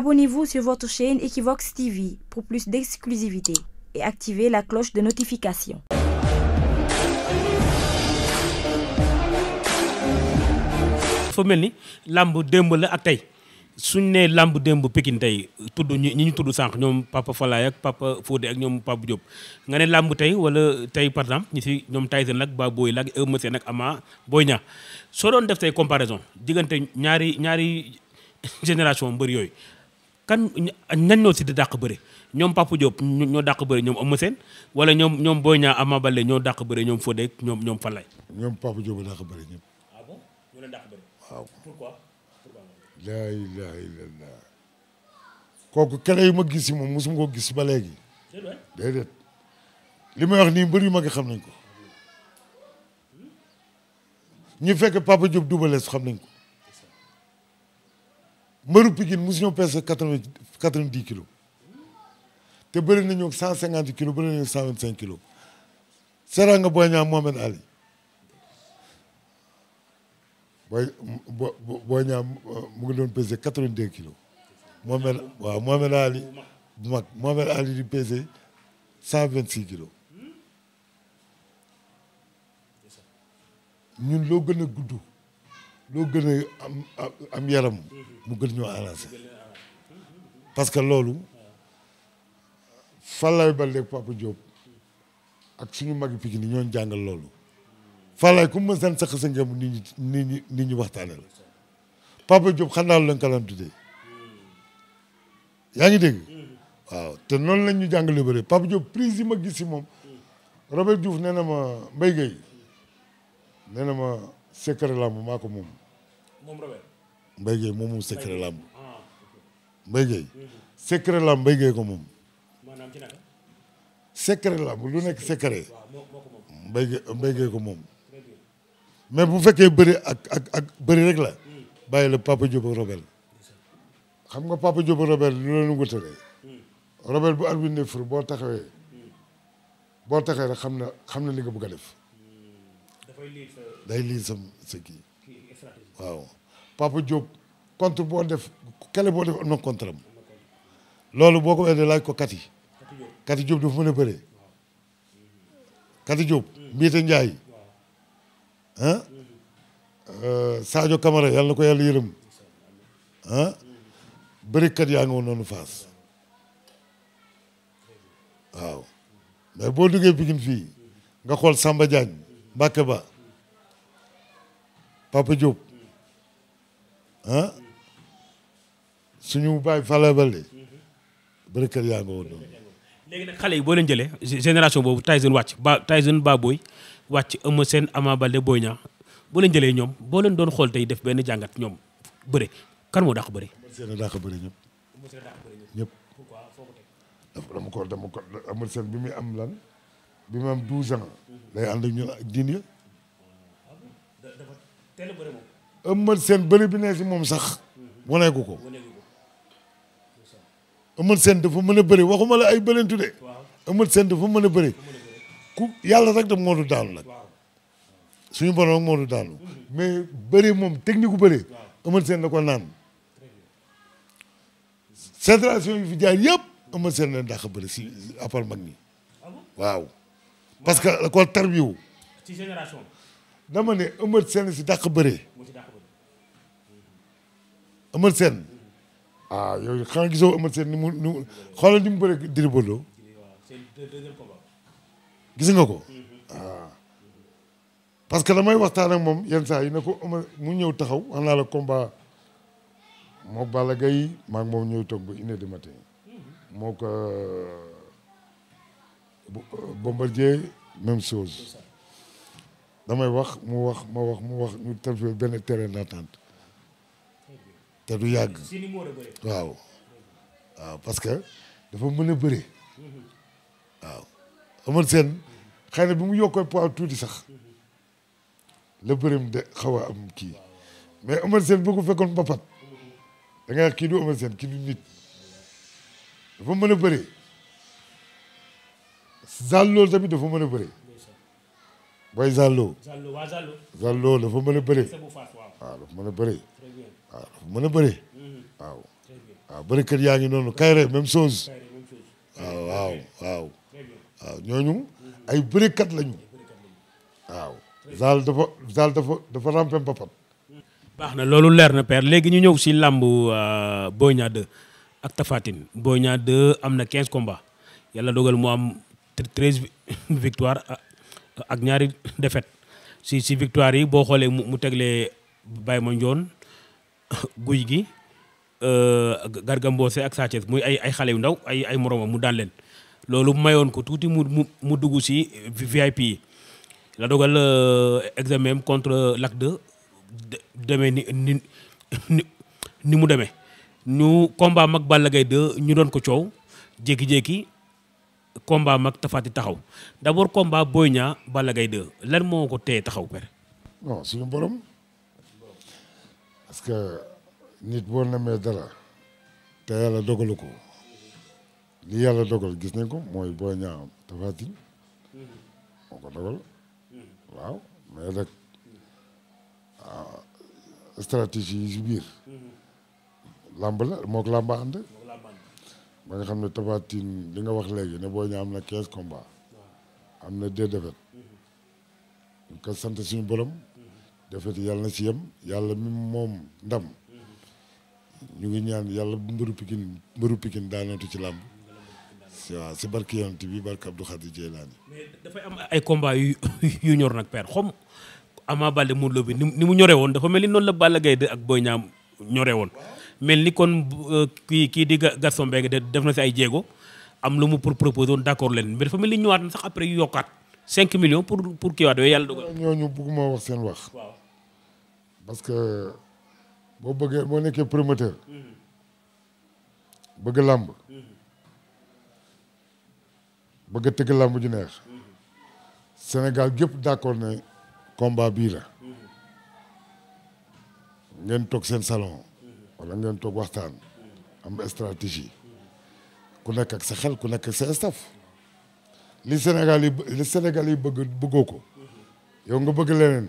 Abonnez-vous sur votre chaîne Equivox TV pour plus d'exclusivité et activez la cloche de notification. dafa mel ni làmb démb la ak tey suñ nee làmb démb Pikine tey tudd ñi ñu tudd sànq ñoom Papa Falaye ak Papa Fodé ak ñoom Papa Diop nga ne làmb tey wala tey par exemple ñi si ñoom Tyson lak ba Boy lak Eumeu Sène ak Ama Boy Niang soo doon def tey comparaison diggante ñaari ñaari génération mbëri yooyu kan ñañ ñoo si di dàq bëre ñoom Papa Diop ñoo dàq bëre ñoom Eumeu Sène wala ñoom ñoom Boy Niang Ama Baldé ñoo dàq bëre ñoom Fodé ñoom ñoom Falaye. ñoom Papa Diop a dàq bëre ñëpp. ah bon ñoo leen dàq bëre. kooku kere yi ma gis si moom mosuma ko gis ba léegi. li may wax nii mbër yu mag xam nañ ko. Hmm? ñi fekk Papa Diop Double Less xam nañ ko. mbëru Pikine mosuñoo peese quatre-vingt-dix te bëri nañu ak cent cinquante kilos bëri nañu ak cent vingt Seranga Boy Niang Mohamed Ali Boy Boy Niang mu ngi doon peser quatre kilos Mohamed waaw Mohamed Ali bu mag Ali di peser cent vingt-six kilos ñun loo gën a gudd loo gën am am yaram mu gën ñoo arrangé parce que loolu Falaye Baldé Papa Diop ak suñu magi Pikine ni ñoon jàngal loolu Falaye ku ma seen saq sa ngëm nit ñi ñi nit ñi waxtaane la Papa Diop xam naa lu lañ ko daan tuddee yaa ngi dégg waaw te noonu lañ ñu jàngale bëri Papa Diop prise yi ma gis si moom Robert Diouf nee ma Mbaye Gueye nee ma secret la maa ko moom moom Robert. Mbaye Gueye moom moom ah, mm-hmm. secret lamb. Mbaye Gueye. ko moom. maanaam ci naka. lamb lu nekk secret. Mbaye Gueye Mbaye Gueye ko moom. mais bu fekkee bëri ak ak ak bëri rek la. Mm. bàyyi la Papa Diop ak Robert. xam nga Papa Diop ak Robert lu leen wutalee. Mm. Robert bu arbitre fur boo taxawee. Mm. boo taxawee rek xam na xam na li nga bëgg a def. day lii sa sa kii. waaw Papa Diop contre boo def kale boo def am na contre am loolu boo ko weesoo laaj ko Kati Kati Diop dafa mën a bëree Kati Diop Mbiite Ndiaye ah Sadio Camara na ko yàlla yërëm ah bërikat yaa ngi woon noonu Fass waaw mais boo duggee Pikine fii nga xool Samba Diagne Mbacke Ba Papa Diop. ah suñu bàyyi fàlla bale mm-hmm. bërëkër yaa nga woon noonu léegi nag xale yi boo leen jëlee génération boobu Tyson wàcc ba Tyson ba booy wàcc Eumeu Sène Ama Baldé Boy Niang boo leen jëlee ñoom boo leen doon xool tey def benn jàngat ñoom bëre kan moo dàq bëre seen a dàq bëre ñëpp ñëpp dafa dama ko dama ko Eumeu Sène bi muy am lan bi mu am 12 ans lay mm-hmm. ànd ak ñun Eumeu seen bëri bi ne si moom sax waneeku ko Eumeu Sène dafa mën a bëri waxuma la ay bëleentu de Eumeu Sène dafa mën a bëri ku yàlla rek daf moo du daanu nag suñu borom moo du daanu mais bëri moom technique bu bëri Eumeu Sène da ko naan fédération yi fi jaar yëpp Eumeu Sène leen dàq bëri si à part mag ñi waaw parce que tar koo ci génération dama ne Eumeu Sène si dàq bëri Eumeu Sène ah yooyu xanaa gisoo Eumeu Sène ni mu ni mu xoolal ni mu bëre Gris Bordeaux gis nga ko ah. parce que damay waxtaan ak moom yenn saa yi ne ko Eumeu mu ñëw taxaw wax naa la combat moo Balla Gaye moom ñëw toog ba une heure du matin moo ko euh, Bombardier même chose damay wax mu wax ma wax mu wax ñu tafi benn terrain d'entente te du yàgg waaw waaw parce que dafa mën a bëre waaw amoon seen xëy na bi mu yokkoo poids tuuti sax la bërim de xaw a am kii mais Omar Sène boo ko fekkoon mbapat da kii du Omar seen kii du nit dafa mën a bëre zaal loolu tamit dafa mën a bëre booy Zallo. Zallo waa Zallo. Zallo dafa a bëre. waaw ah, dafa mën bëre. Ah, mhm. waaw ah, bëre. waaw. yaa ngi noonu Kayre même chose. waaw waaw ñooñu. ay bërëkkat lañu. waaw. Zal dafa Zal dafa dafa rampé baax na loolu leer na père léegi ñu ñëw si làmb euh, Boy Niang 2 ak Tapha Boy Niang 2 am na 15 combats yàlla dogal mu am 13 victoire. ak ñaari defet si si victoire yi boo xoolee mu mu teglee Baye Mandione guy gi euh, Garga Mbossé ak Sa Thiès muy ay ay xale yu ndaw ay ay moromam mu daan leen loolu mayoon ko tuuti mu mu mu dugg si VIP yi la dogal euh, examen contre Lac 2 demee ni ni ni mu demee ñu combat mag Balla Gaye 2 ñu doon ko coow jékki-jékki combat mag tafaati taxaw d'abord combat Boy Niang Balla Gaye lan moo ko téye taxaw père non suñu borom parce que nit boo namee dara te yàlla dogalu ko li yàlla dogal gis nañ ko mooy Boy tafaati moo ko dogal waaw mais nag ah, stratégie yi si biir làmb la moo ko làmba ànd ba nga xam ne Tapha Tine li nga wax léegi ne Boy Niang am na 15 combats am na deux défaites ñu ko sant suñu borom défaites yàlla na si yem yàlla mi moom ndam ñu ngi ñaan yàlla bu mbëru Pikine mbëru Pikine daanatu ci làmb waaw si barki yonent bi barki Abdou Khadir Jeylaani dafay am ay combats yu yu ñor nag père xom Ama Baldé Modou Lô bi ni mu ñoree woon dafa mel ni noonu la Balla Gaye de ak booy Niang ñoree woon mel ni kon euh, kii kii di Gaston Mbengue def na si ay jéego am lu mu pour proposer woon d' accord leen mais dafa mel ni ñëwaat na sax après yu yokkaat 5 millions pour pour kiiwaat yooyu yàlla dogal. ñooñu bëgguma wax seen wax. waaw que boo bëggee boo nekkee promoteur. bëgg làmb bëgg a tëgg làmb ju Sénégal gépp d' ne combat bii la. Mm-hmm. ngeen toog seen salon. wala ngeen toog waxtaan am stratégie ku nekk ak sa xel ku nekk ak sa staff li Sénégal yi li Sénégal bëgg bëggoo ko yow nga bëgg leneen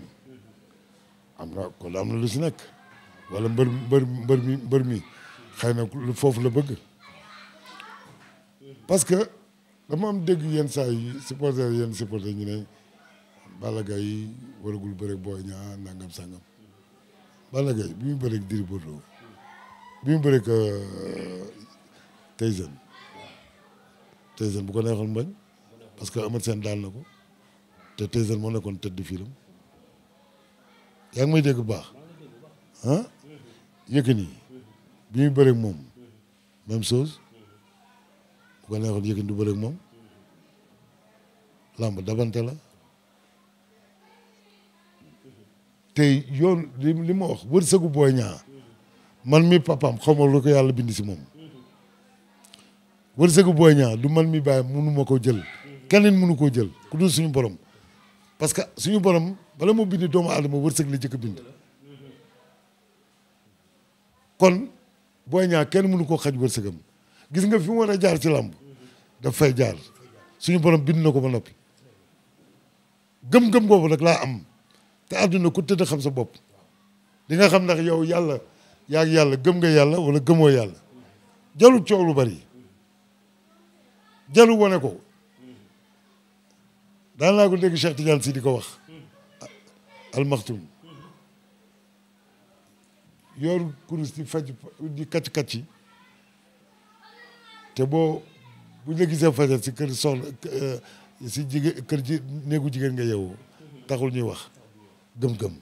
am na kon am na lu si nekk wala mbër mbër mi mbër mi xëy na lu foofu la bëgg parce que dama am dégg yenn saa yi supporter yenn supporter ñu ne Balla Gaye waragul bëre Boy Niang nangam sangam Balla Gaye bi muy bëre Gris Bordeaux bi mu bëreeg euh, Tyson Tyson bu ko neexoon bañ parce que Eumeu Sène daal na ko te Tyson moo nekkoon tête de film yaa ngi may dégg bu baax ah Yékini bi muy bëreeg moom chose bu ko neexoon Yékini du bëreeg moom làmb dabante la te yoon li li ma wax wërsëgu booy ñaa man mi papaam xaw ma lu ko yàlla bind si moom wërsëgu booy ñaa du man mi bàyyi munu ma ko jël keneen munu koo jël ku dul suñu borom parce que suñu borom bala moo bind doomu aadama wërsëg la jëkk bind kon booy ñaa kenn munu koo xaj wërsëgam gis nga fi mu a jaar ci làmb daf jaar suñu borom bind na ko ba noppi gëm-gëm boobu nag laa am te àdduna ku tëdd xam sa bopp di xam ndax yow yàlla yaa yàlla gëm nga yàlla wala gëmoo yàlla jarul coow lu bari jarul wane ko daan naa ko dégg Cheikh Tidiane si di ko wax almaxtum yoru kurus di faj di kacc kacc te boo bu ñu la gisee fajal si kër soxna eh, si jigéen kër ji néegu jigéen nga yeewoo taxul ñuy wax gëm-gëm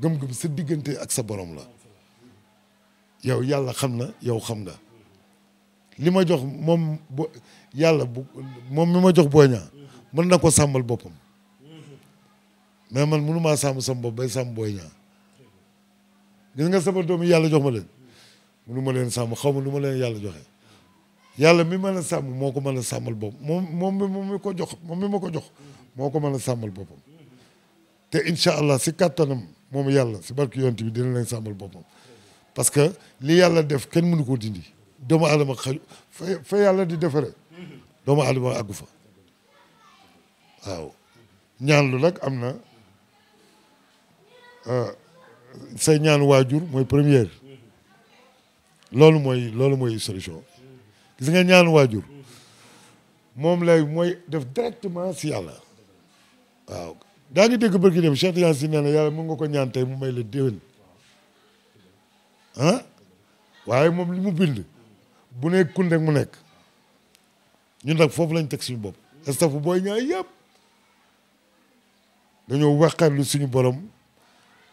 gëm-gëm sa diggante ak sa borom la yow yàlla xam na yow xam nga li ma jox moom bo yàlla bu moom mi ma jox Boy Niang mën na ko sàmmal boppam mais man mënu maa sàmm sama bopp bay sàmm Boy Niang nga sama doom yi jox ma leen mënu ma leen sàmm xaw ma lu ma leen yàlla joxe yàlla mi mën a sàmm moo ko mën sàmmal boppam moom moom moom mi ko jox moom mi ma ko jox moo ko mën a sàmmal boppam te incha allah si kattanam moom yàlla si barki yonent bi dina leen sàmmal boppam parce que li yàlla def kenn mënu koo dindi doomu aadama xaju fa fa yàlla di defare doomu aadama àggu fa ñaan lu nag am na euh, say ñaan waajur mooy première loolu mooy loolu mooy solution gis nga ñaan waajur moom lay mooy def directement si yàlla waaw daa ngi dégg bërki dem Cheikh Tidiane si nee na yàlla mën ko ñaan tey mu may la déwén ah waaye moom limu mu bind bu nekk kun mu nekk ñun nag foofu lañ teg suñu bopp staff booy ñaay yëpp dañoo waxaatlu suñu borom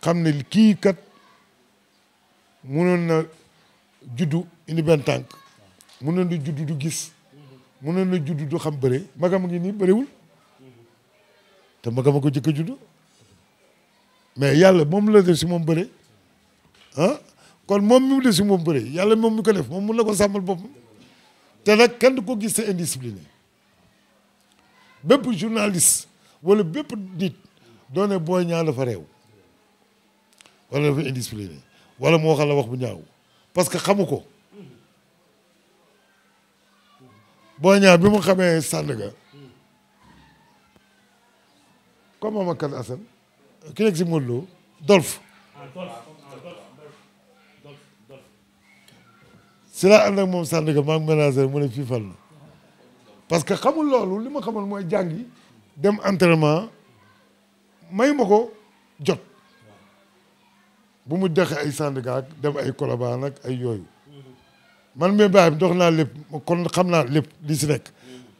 xam ne kii kat munoon na juddu indi benn tànk munoon na juddu du gis munoon na juddu du xam bëre magam ngi nii bëriwul te magama ko jëkk a juddu mais yàlla moom la def si moom bëre ah kon moom mi mu def si moom bëre yàlla moom mi ko def moom mun na ko sàmmal boppam te nag kenn du ko gis te indiscipliné bépp journaliste wala bépp nit doone booy ñaa dafa réew wala dafa indiscipliné wala moo xam la wax bu ñaaw parce que xamu ko booy ñaa bi mu xamee Sandaga comme Mamadou Assane ki nekk si Modou Lo ah, si laa ànd ak moom Sandaga maa ngi ménager mu ne fii fal na que xamul loolu li ma xamoon mooy jàngi dem entraînement may ma ko jot bu mu dexe ay Sandaga dem ay Colobane ak ay yooyu man mi baay dox naa lépp kon xam naa lépp li si nekk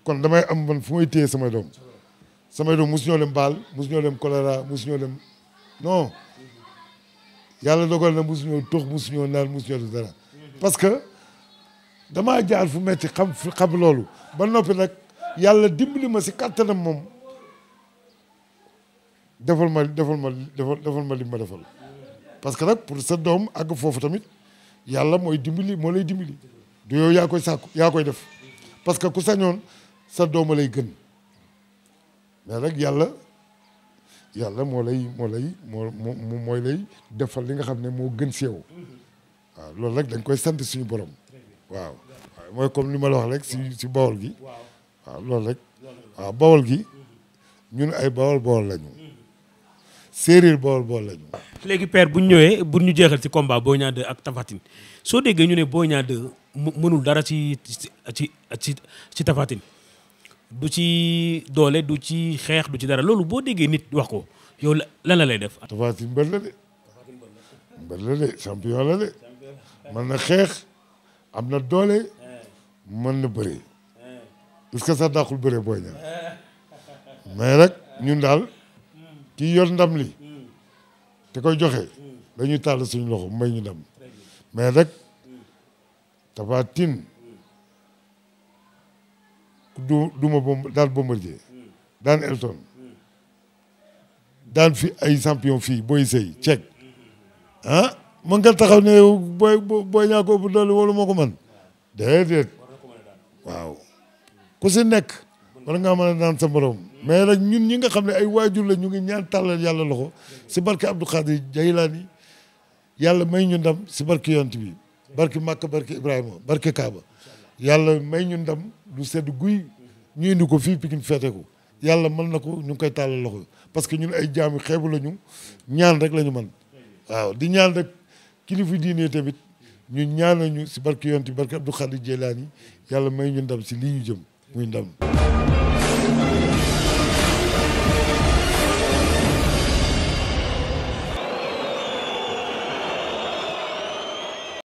kon damay am man fu may téye sama doom samay doom mosu ñoo dem baal mosu ñoo dem choléra mosu dem non yàlla dogal na mosu ñoo tox mosu ñoo naan mosu ñoo def damaa jaar fu metti xam fi xam loolu ba noppi nag yàlla dimbali ma si kattanam moom defal ma defal ma defal ma li ma parce que nag pour sa doom àgg foofu tamit yàlla mooy dimbali moo lay dimbali du yow yaa koy sàkku yaa koy def parce que ku sañoon sa doom lay gën mais rek yàlla yàlla moo lay moo lay moo mooy lay defal li nga xam ne moo gën si yow waaw loolu rek dañ koy sant suñu borom waaw mooy comme li ma la wax rek si si bawol gi waaw loolu rek waaw bawol gi ñun ay bawol bawol lañu séeréer bawol bawol lañu. léegi père bu ñu ñëwee bu ñu jeexal ci combat Boy Niang 2 ak Tapha soo déggee ñu ne Boy Niang 2 mënul dara ci ci ci ci Tapha du ci doole du ci xeex du ci dara loolu boo déggee nit wax ko yow la la lay def. Tapha Tine la de mbër la de champion la de mën na xeex. am na doole eh. mën na bëri parce eh. que sax dàqul bëre booy ñaar mais rek ñun daal hmm. kii yor ndam li te hmm. koy joxe hmm. dañuy tàll suñu loxo may ñu ndam mais rek Tapha Tine duma bomb daan Bombardier daan Elton daan fi ay champion fii booy sëy ceeg ah man nga taxaw ne booy booy ñaa ko ëpp doole wala moo ko man déedéet waaw ku si nekk wala nga man a daan sa borom mais nag ñun ñi nga xam ne ay waajur la ñu ngi ñaan tàllal yàlla loxo si barke Abdou Khadir Jaylaani yàlla may ñu ndam si barke yont bi barke Makka barke Ibrahima barke Kaaba yàlla may ñu ndam du sed guy ñu indi ko fi Pikine feete ko yàlla mën na ko ñu ngi koy tàllal loxo parce que ñun ay jaam yu xeebu la ñu ñaan rek la ñu waaw di ñaan rek kilifa diine tamit ñu ñaan ñu si barke yonti barke Abdou Khadir Jeylaani yàlla may ñu ndam si lii ñu jëm muy ndam.